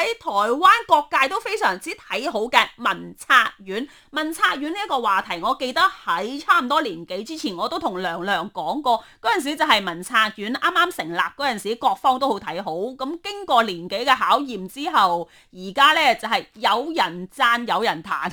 喺台灣各界都非常之睇好嘅文策院，文策院呢一個話題，我記得喺差唔多年紀之前，我都同娘娘講過。嗰陣時就係文策院啱啱成立嗰陣時，各方都好睇好。咁經過年紀嘅考驗之後，而家呢就係、是、有人贊，有人彈。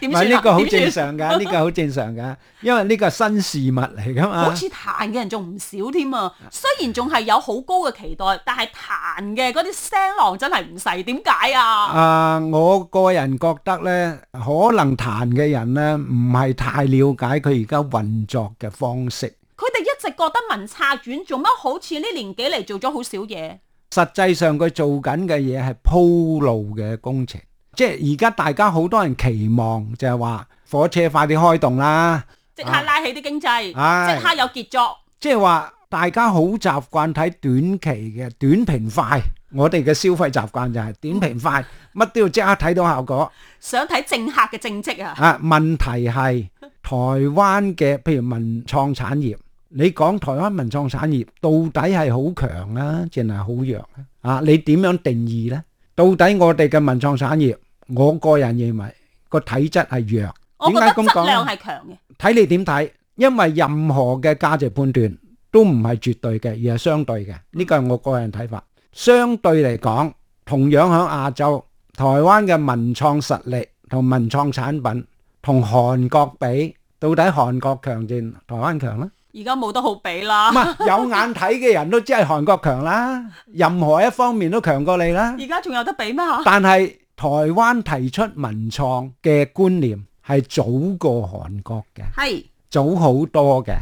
點解呢個好正常㗎，呢、呢個好正常㗎，因為呢個新事物嚟㗎嘛。好似彈嘅人仲唔少添啊，雖然仲係有好高嘅期待，但係彈嘅嗰啲聲浪真係唔～細點解啊？啊、呃，我個人覺得呢，可能彈嘅人呢唔係太了解佢而家運作嘅方式。佢哋一直覺得文策院做乜，好似呢年紀嚟，做咗好少嘢。實際上佢做緊嘅嘢係鋪路嘅工程，即係而家大家好多人期望就係、是、話火車快啲開動啦，即刻拉起啲經濟，即、啊、刻有傑作，哎、即係話大家好習慣睇短期嘅短平快。我哋嘅消費習慣就係點評快，乜都要即刻睇到效果。想睇政客嘅政績啊，啊，啊，啊？啊，問題係台灣嘅譬如文創產業，你講台灣文創產業到底係好強啊，淨係好弱啊？你點樣定義呢？到底我哋嘅文創產業，我個人認為個體質係弱。我覺得點解咁講？質量係強嘅。睇你點睇？因為任何嘅價值判斷都唔係絕對嘅，而係相對嘅。呢個係我個人睇法。相對嚟講，同樣喺亞洲，台灣嘅文創實力同文創產品同韓國比，到底韓國強定台灣強呢？而家冇得好比啦， 有眼睇嘅人都知係韓國強啦，任何一方面都強過你啦。而家仲有得比咩？但係台灣提出文創嘅觀念係早過韓國嘅，係是早好多嘅。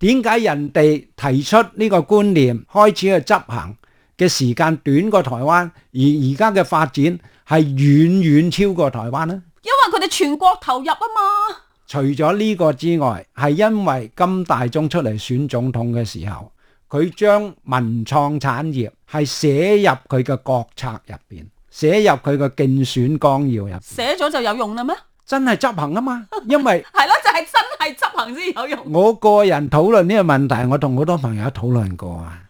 點解人哋提出呢個觀念開始去執行？嘅時間短過台灣，而而家嘅發展係遠遠超過台灣啦。因為佢哋全國投入啊嘛。除咗呢個之外，係因為金大中出嚟選總統嘅時候，佢將文創產業係寫入佢嘅國策入邊，寫入佢嘅競選綱要入邊。寫咗就有用啦咩？真係執行啊嘛？因為係咯， 就係、是、真係執行先有用。我個人討論呢個問題，我同好多朋友討論過啊。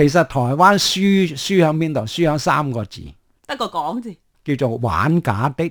其實台灣輸輸喺邊度？輸喺三個字，得個講字，叫做玩假的。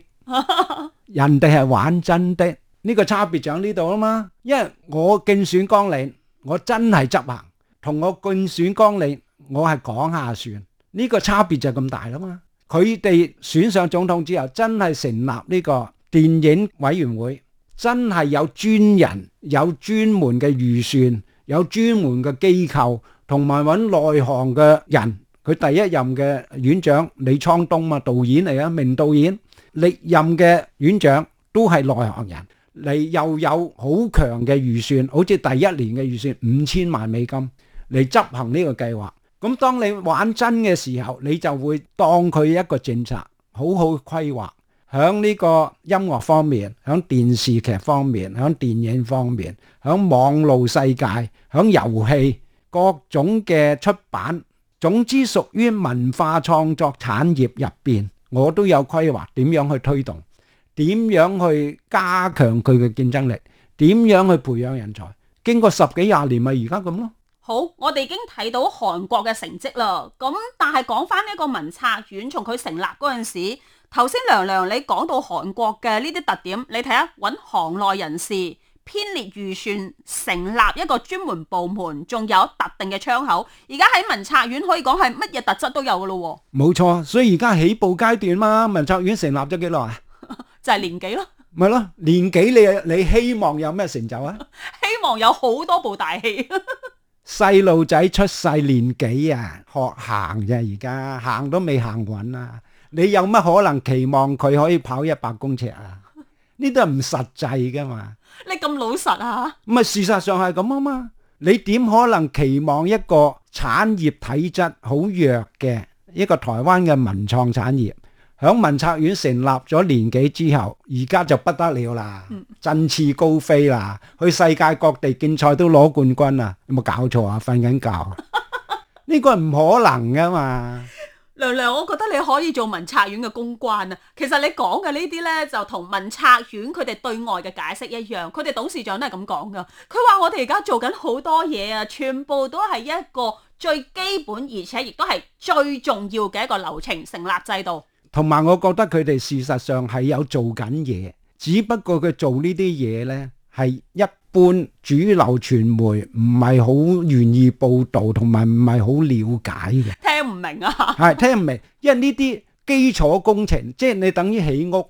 人哋係玩真的，呢個差別就喺呢度啦嘛。因為我競選綱領，我真係執行；同我競選綱領，我係講下算。呢個差別就咁大啦嘛。佢哋選上總統之後，真係成立呢個電影委員會，真係有專人、有專門嘅預算、有專門嘅機構。同埋揾內行嘅人，佢第一任嘅院長李滄東嘛、啊，導演嚟啊，明導演。歷任嘅院長都係內行人，你又有好強嘅預算，好似第一年嘅預算五千萬美金嚟執行呢個計劃。咁當你玩真嘅時候，你就會當佢一個政策，好好規劃響呢個音樂方面、響電視劇方面、響電影方面、響網路世界、響遊戲。各種嘅出版，總之屬於文化創作產業入邊，我都有規劃點樣去推動，點樣去加強佢嘅競爭力，點樣去培養人才。經過十幾廿年，咪而家咁咯。好，我哋已經睇到韓國嘅成績啦。咁但係講返呢個文策院從佢成立嗰陣時，頭先娘娘你講到韓國嘅呢啲特點，你睇下搵行內人士，編列預算，成立一個專門部門，仲有特定嘅窗口。而家喺文策院可以講係乜嘢特質都有噶咯。冇錯，所以而家起步階段嘛。文策院成立咗幾耐啊？ 就係年幾咯。咪咯，年幾你你希望有咩成就啊？ 希望有好多部大戲。細路仔出世年幾啊？學行啫、啊，而家行都未行穩啊。你有乜可能期望佢可以跑一百公尺啊？呢啲都係唔實際噶嘛？咁老實啊？咁啊事實上係咁啊嘛，你點可能期望一個產業體質好弱嘅一個台灣嘅文創產業，響文策院成立咗年幾之後，而家就不得了啦，嗯、振翅高飛啦，去世界各地競賽都攞冠軍啊！有冇搞錯啊？瞓緊覺啊？呢 個係唔可能噶嘛。娘娘，我覺得你可以做文策院嘅公關啊！其實你講嘅呢啲呢，就同文策院佢哋對外嘅解釋一樣，佢哋董事長都係咁講㗎。佢話我哋而家做緊好多嘢啊，全部都係一個最基本而且亦都係最重要嘅一個流程，成立制度。同埋我覺得佢哋事實上係有做緊嘢，只不過佢做呢啲嘢呢，係一般主流傳媒唔係好願意報導，同埋唔係好了解嘅。聽唔明啊，係聽唔明，因為呢啲基礎工程即係你等於起屋，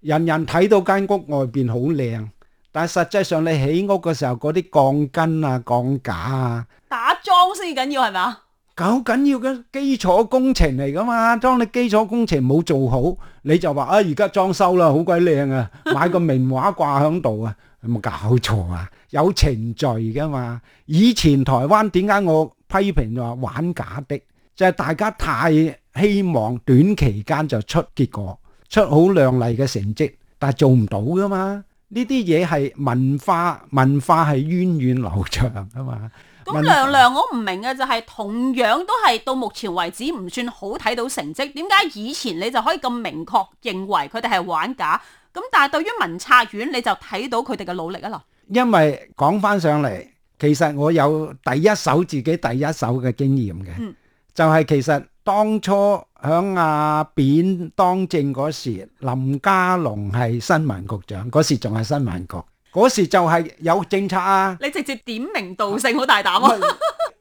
人人睇到間屋外邊好靚，但係實際上你起屋嘅時候嗰啲鋼筋啊、鋼架啊，打樁先要緊要係咪？好緊要嘅基礎工程嚟噶嘛？當你基礎工程冇做好，你就話啊，而家裝修啦，好鬼靚啊，買個名畫掛喺度啊，有冇搞錯啊？有程序㗎嘛？以前台灣點解我批評就話玩假的？就係大家太希望短期間就出結果，出好亮麗嘅成績，但係做唔到㗎嘛？呢啲嘢係文化，文化係源遠流長㗎嘛。咁娘娘，化我唔明嘅就係同樣都係到目前為止唔算好睇到成績，點解以前你就可以咁明確認為佢哋係玩假？咁但係對於文策院，你就睇到佢哋嘅努力啊啦。因為講返上嚟，其實我有第一手自己第一手嘅經驗嘅。嗯就係其實當初響阿扁當政嗰時，林佳龍係新聞局長，嗰時仲係新聞局，嗰時就係有政策啊！你直接點名道姓好、啊、大膽喎、啊！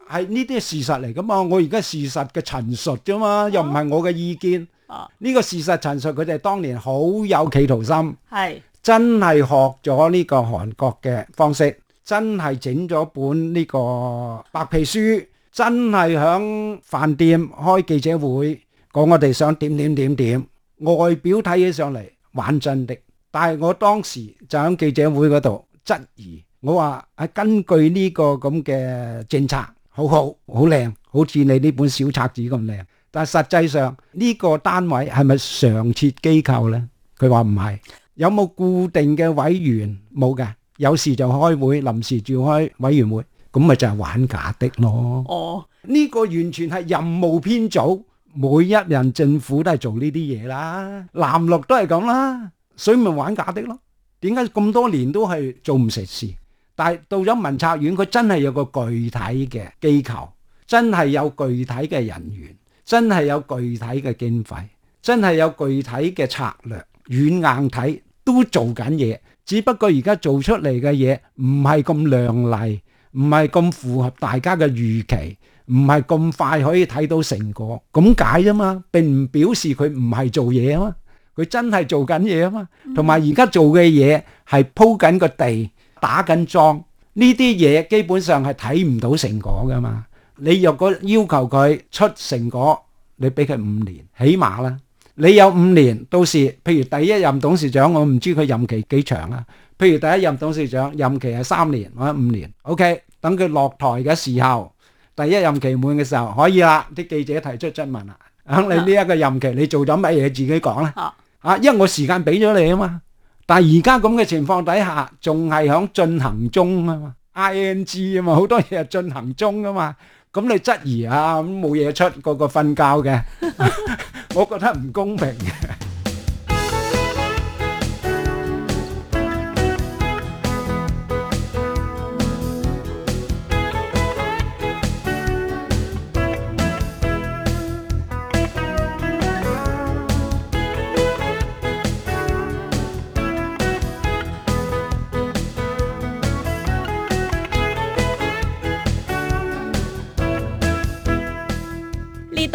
係呢啲事實嚟噶嘛？我而家事實嘅陳述啫嘛，又唔係我嘅意見。呢、啊、個事實陳述佢哋當年好有企圖心，係是真係學咗呢個韓國嘅方式，真係整咗本呢個白皮書。真係喺飯店開記者會講我哋想點點點點，外表睇起上嚟玩真的，但係我當時就喺記者會嗰度質疑，我話，啊，根據呢個咁嘅政策，好好好靚，好似你呢本小冊子咁靚，但係實際上呢個單位係咪常設機構呢？佢話唔係。有冇固定嘅委員？冇嘅，有時就開會，臨時召開委員會。咁咪就係玩假的咯！哦，呢個完全係任務編組，每一任政府都係做呢啲嘢啦，藍綠都係咁啦，所以咪玩假的咯？點解咁多年都係做唔成事？但係到咗文策院，佢真係有個具體嘅機構，真係有具體嘅人員，真係有具體嘅經費，真係有具體嘅策略，軟硬睇都做緊嘢，只不過而家做出嚟嘅嘢唔係咁亮麗。唔係咁符合大家嘅預期，唔係咁快可以睇到成果，咁解啫嘛。並唔表示佢唔係做嘢啊嘛，佢真係做緊嘢啊嘛。同埋而家做嘅嘢係鋪緊個地、打緊樁，呢啲嘢基本上係睇唔到成果㗎嘛。你若果要求佢出成果，你俾佢五年起碼啦。你有五年，到時譬如第一任董事長，我唔知佢任期幾長啊。譬如第一任董事長任期係三年或者五年，OK，等佢落台嘅時候，第一任期滿嘅時候可以啦，啲記者提出質問啦，響你呢一個任期你做咗乜嘢自己講啦，啊，因為我時間俾咗你啊嘛，但係而家咁嘅情況底下仲係響進行中啊嘛，ing 啊嘛，好多嘢係進行中啊嘛，咁你質疑啊咁冇嘢出個個瞓覺嘅，我覺得唔公平嘅。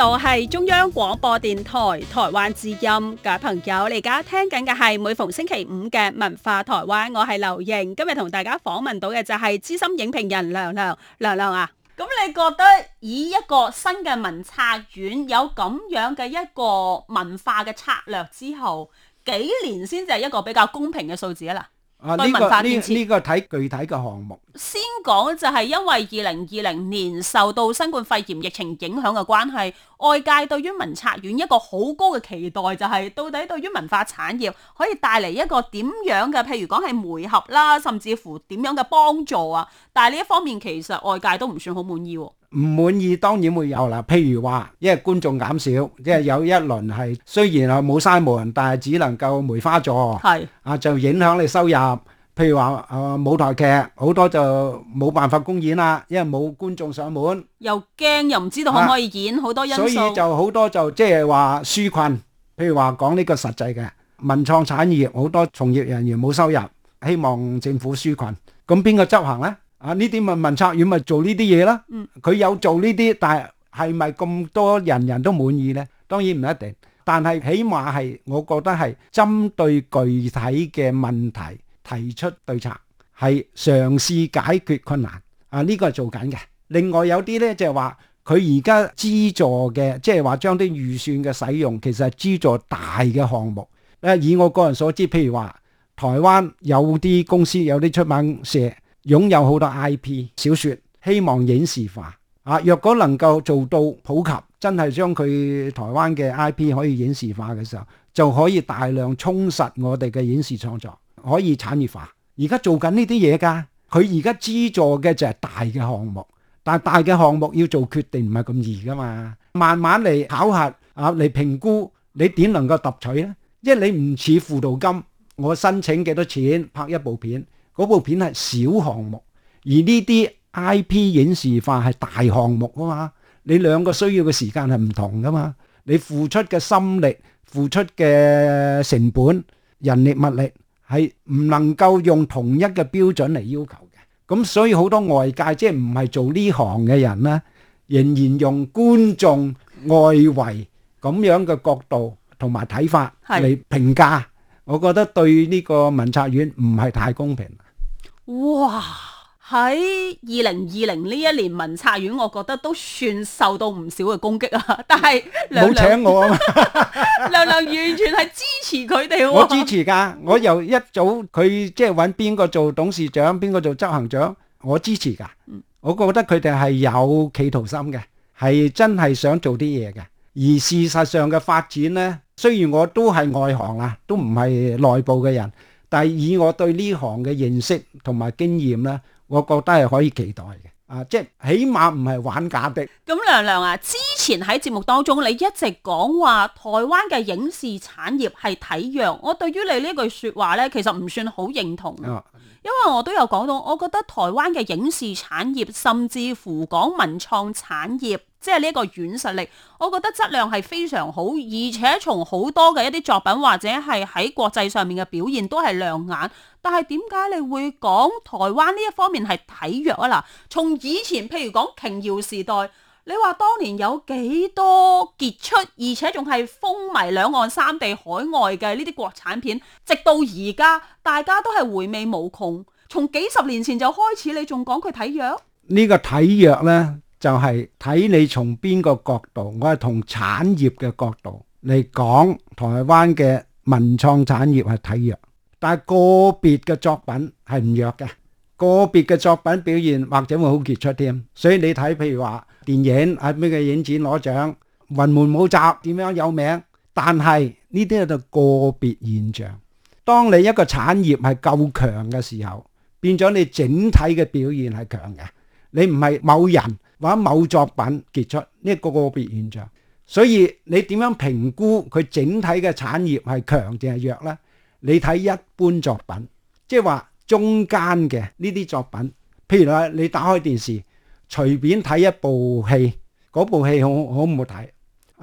就係中央廣播電台台灣至音嘅朋友，你而家聽緊嘅係每逢星期五嘅文化台灣，我係劉瑩，今日同大家訪問到嘅就係資深影評人梁亮亮亮啊，咁你覺得以一個新嘅文策院有咁樣嘅一個文化嘅策略之後，幾年先至係一個比較公平嘅數字啊啦？啊！呢、這個呢呢、這個睇具體嘅項目。這個、先講就係因為二零二零年受到新冠肺炎疫情影響嘅關係，外界對於文策院一個好高嘅期待就係到底對於文化產業可以帶嚟一個點樣嘅，譬如講係配合啦，甚至乎點樣嘅幫助啊。但係呢一方面其實外界都唔算好滿意。唔滿意當然會有啦，譬如話因為觀眾減少，即係有一輪係雖然係冇閂門，但係只能夠梅花座，係啊就影響你收入。譬如話誒舞台劇好多就冇辦法公演啦，因為冇觀眾上門，又驚又唔知道可唔可以演，好多因素，所以就好多就即係話紓困。譬如話講呢個實際嘅文創產業，好多從業人員冇收入，希望政府紓困，咁邊個執行呢？啊！呢啲咪文策院咪做呢啲嘢啦。佢、嗯、有做呢啲，但係係咪咁多人人都滿意呢？當然唔一定。但係起碼係，我覺得係針對具體嘅問題提出對策，係嘗試解決困難。啊！呢、這個係做緊嘅。另外有啲呢，就係、是、話，佢而家資助嘅，即係話將啲預算嘅使用其實係資助大嘅項目。誒、啊，以我個人所知，譬如話台灣有啲公司有啲出版社。擁有好多 IP 小說，希望影視化啊！若果能夠做到普及，真係將佢台灣嘅 IP 可以影視化嘅時候，就可以大量充實我哋嘅影視創作，可以產業化。而家做緊呢啲嘢噶，佢而家資助嘅就係大嘅項目，但係大嘅項目要做決定唔係咁易噶嘛，慢慢嚟考核啊，嚟評估你點能夠奪取呢，因為你唔似輔導金，我申請幾多錢拍一部片。嗰部片係小項目，而呢啲 IP 影視化係大項目啊嘛。你兩個需要嘅時間係唔同噶嘛。你付出嘅心力、付出嘅成本、人力物力係唔能夠用同一嘅標準嚟要求嘅。咁所以好多外界即係唔係做呢行嘅人呢，仍然用觀眾外圍咁樣嘅角度同埋睇法嚟評價。我覺得對呢個文策院唔係太公平。哇！喺二零二零呢一年，文策院我覺得都算受到唔少嘅攻擊啊。但係冇請我啊嘛，梁 梁完全係支持佢哋。我支持噶，我由一早佢即係揾邊個做董事長，邊個做執行長，我支持噶。我覺得佢哋係有企圖心嘅，係真係想做啲嘢嘅。而事實上嘅發展呢？雖然我都係外行啦，都唔係內部嘅人，但係以我對呢行嘅認識同埋經驗呢，我覺得係可以期待嘅。啊，即係起碼唔係玩假的。咁梁亮啊，之前喺節目當中，你一直講話台灣嘅影視產業係體弱，我對於你呢句説話呢，其實唔算好認同，因為我都有講到，我覺得台灣嘅影視產業，甚至乎講文創產業。即係呢一個軟實力，我覺得質量係非常好，而且從好多嘅一啲作品或者係喺國際上面嘅表現都係亮眼。但係點解你會講台灣呢一方面係體弱啊？嗱，從以前譬如講瓊瑤時代，你話當年有幾多傑出，而且仲係風靡兩岸三地、海外嘅呢啲國產片，直到而家大家都係回味無窮。從幾十年前就開始，你仲講佢體弱？呢個體弱呢？就係睇你從邊個角度，我係從產業嘅角度嚟講，台灣嘅文創產業係體弱，但係個別嘅作品係唔弱嘅，個別嘅作品表現或者會好傑出添。所以你睇譬如話電影係咩嘅影展攞獎，雲門舞集點樣有名，但係呢啲係個別現象。當你一個產業係夠強嘅時候，變咗你整體嘅表現係強嘅，你唔係某人，話某作品傑出呢、這個、個個別現象，所以你點樣評估佢整體嘅產業係強定係弱呢？你睇一般作品，即係話中間嘅呢啲作品，譬如話你打開電視，隨便睇一部戲，嗰部戲我我冇睇，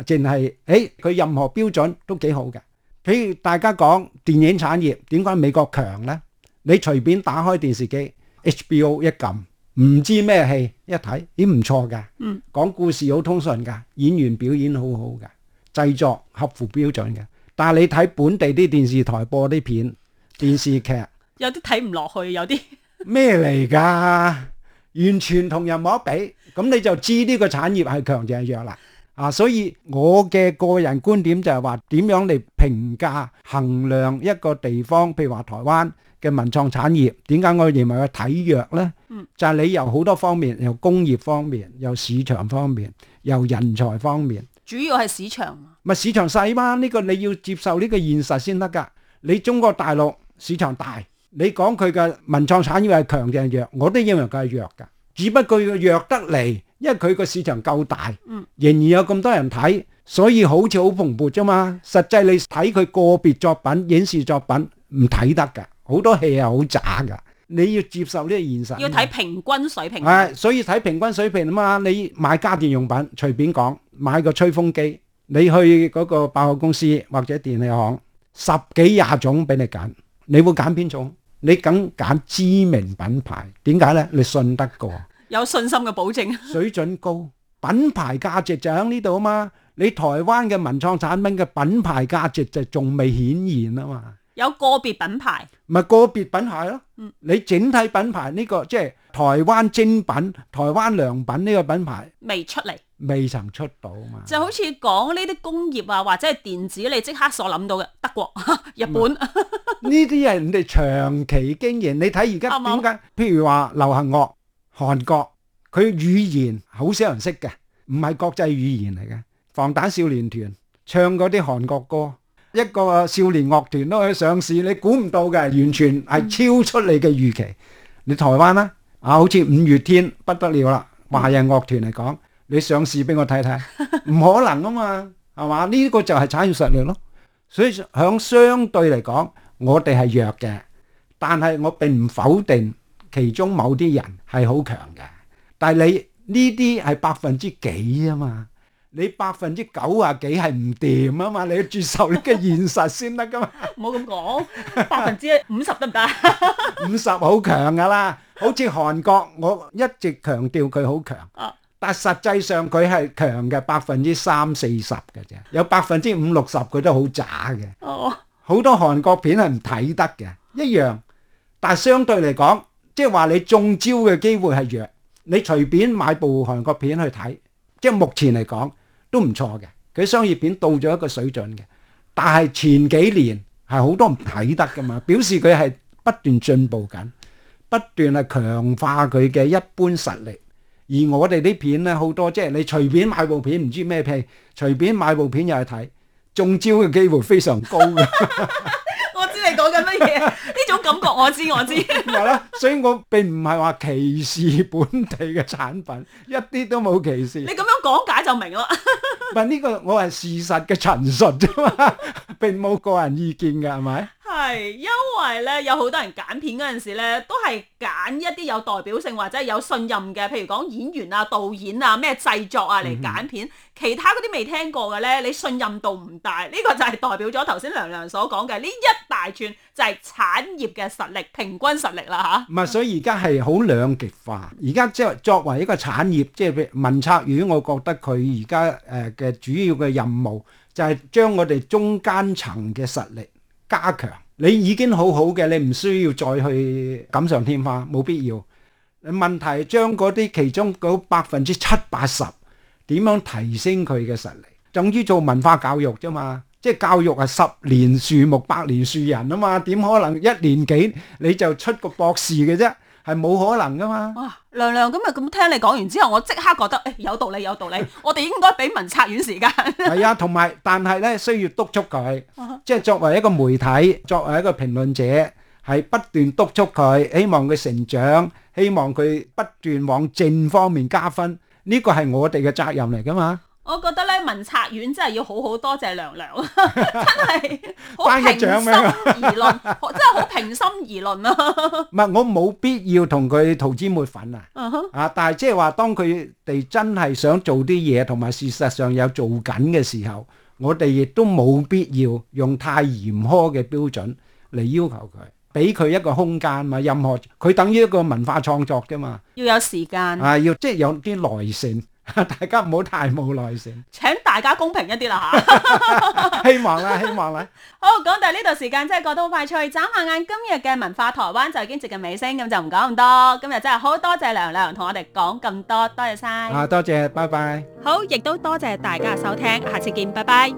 淨係誒佢任何標準都幾好嘅。譬如大家講電影產業點解美國強呢？你隨便打開電視機，HBO 一撳。唔知咩戲，一睇咦唔錯㗎，講、嗯、故事好通順㗎，演員表演好好㗎，製作合乎標準㗎。但係你睇本地啲電視台播啲片、電視劇， 有啲睇唔落去，有啲咩嚟㗎？ 完全同人冇得比，咁你就知呢個產業係強定係弱啦。啊，所以我嘅個人觀點就係話點樣嚟評價衡量一個地方，譬如話台灣嘅文創產業，點解我認為佢體弱呢？嗯、就係理由好多方面，由工業方面，由市場方面，由人才方面，主要係市場。咪市場細嘛，呢個你要接受呢個現實先得㗎。你中國大陸市場大，你講佢嘅文創產業係強定係弱，我都認為佢係弱㗎。只不過弱得嚟。因為佢個市場夠大，仍然有咁多人睇，所以好似好蓬勃咋嘛。實際你睇佢個別作品，影視作品唔睇得噶，好多戲係好渣噶。你要接受呢個現實，要睇平均水平。係，所以睇平均水平啊嘛。你買家電用品，隨便講，買個吹風機，你去嗰個百貨公司或者電器行，十幾廿種俾你揀，你會揀邊種？你梗揀知名品牌，點解呢？你信得過。有信心嘅保證， 水準高，品牌價值就喺呢度啊嘛！你台灣嘅文創產品嘅品牌價值就仲未顯現啊嘛！有個別品牌，唔係個別品牌咯。嗯，你整體品牌呢、這個即係、就是、台灣精品、台灣良品呢個品牌未出嚟，未曾出到啊嘛！就好似講呢啲工業啊，或者係電子，你即刻所諗到嘅德國、日本呢啲係人哋長期經營，嗯、你睇而家點解？譬、嗯、如話流行樂。韓國佢語言好少人識嘅，唔係國際語言嚟嘅。防彈少年團唱嗰啲韓國歌，一個少年樂團都可以上市，你估唔到嘅，完全係超出你嘅預期。你台灣啦，啊，好似五月天不得了啦，華人樂團嚟講，你上市俾我睇睇，唔可能啊嘛，係嘛？呢個就係產業實力咯。所以響相對嚟講，我哋係弱嘅，但係我並唔否定。其中某啲人係好強嘅，但係你呢啲係百分之幾啊嘛？你百分之九啊幾係唔掂啊嘛？你要接受呢個現實先得㗎嘛？唔好咁講， 百分之五十得唔得？ 五十好強㗎啦，好似韓國，我一直強調佢好強，啊、但實際上佢係強嘅百分之三四十嘅啫，有百分之五六十佢都好渣嘅。哦、好多韓國片係唔睇得嘅一樣，但係相對嚟講。即係話你中招嘅機會係弱，你隨便買部韓國片去睇，即係目前嚟講都唔錯嘅。佢商業片到咗一個水準嘅，但係前幾年係好多人唔睇得㗎嘛，表示佢係不斷進步緊，不斷係強化佢嘅一般實力。而我哋啲片咧好多，即係你隨便買部片唔知咩片，隨便買部片又去睇，中招嘅機會非常高嘅。乜嘢？呢 種感覺我知我知。係啦，所以我並唔係話歧視本地嘅產品，一啲都冇歧視。你咁樣講解就明咯。但 呢個，我係事實嘅陳述啫嘛， 並冇個人意見㗎，係咪？係，因為咧有好多人揀片嗰陣時咧，都係揀一啲有代表性或者係有信任嘅，譬如講演員啊、導演啊、咩製作啊嚟揀片。嗯、哼其他嗰啲未聽過嘅咧，你信任度唔大，呢、呢個就係代表咗頭先娘娘所講嘅呢一大串就係產業嘅實力，平均實力啦吓，唔、啊、係，所以而家係好兩極化。而家即係作為一個產業，即係文策院，我覺得佢而家誒嘅主要嘅任務就係將我哋中間層嘅實力，加強，你已經好好嘅，你唔需要再去錦上添花，冇必要。問題係將嗰啲其中嗰百分之七八十點樣提升佢嘅實力？等於做文化教育啫嘛，即係教育係十年樹木，百年樹人啊嘛，點可能一年幾你就出個博士嘅啫？係冇可能噶嘛？哇、啊，娘娘咁啊，咁聽你講完之後，我即刻覺得誒、哎，有道理，有道理， 我哋應該俾文策院時間。係 啊，同埋，但係咧需要督促佢，即係 作為一個媒體，作為一個評論者，係不斷督促佢，希望佢成長，希望佢不斷往正方面加分，呢個係我哋嘅責任嚟噶嘛。我覺得咧文策院真係要好好多謝娘娘，真係好平心而論，真係好平心而論咯。唔係我冇必要同佢塗脂抹粉啊，啊！但係即係話當佢哋真係想做啲嘢，同埋事實上有做緊嘅時候，我哋亦都冇必要用太嚴苛嘅標準嚟要求佢，俾佢一個空間嘛。任何佢等於一個文化創作㗎嘛，要有時間啊，要即係有啲耐性。大家唔好太冇耐性，請大家公平一啲啦吓，希望啦，希望啦。好，講到呢度時間真係過得好快脆，眨下眼今日嘅文化台灣就已經接近尾聲，咁就唔講咁多。今日真係好多謝娘娘同我哋講咁多，多謝晒。啊，多謝，拜拜。好，亦都多謝大家收聽，下次見，拜拜。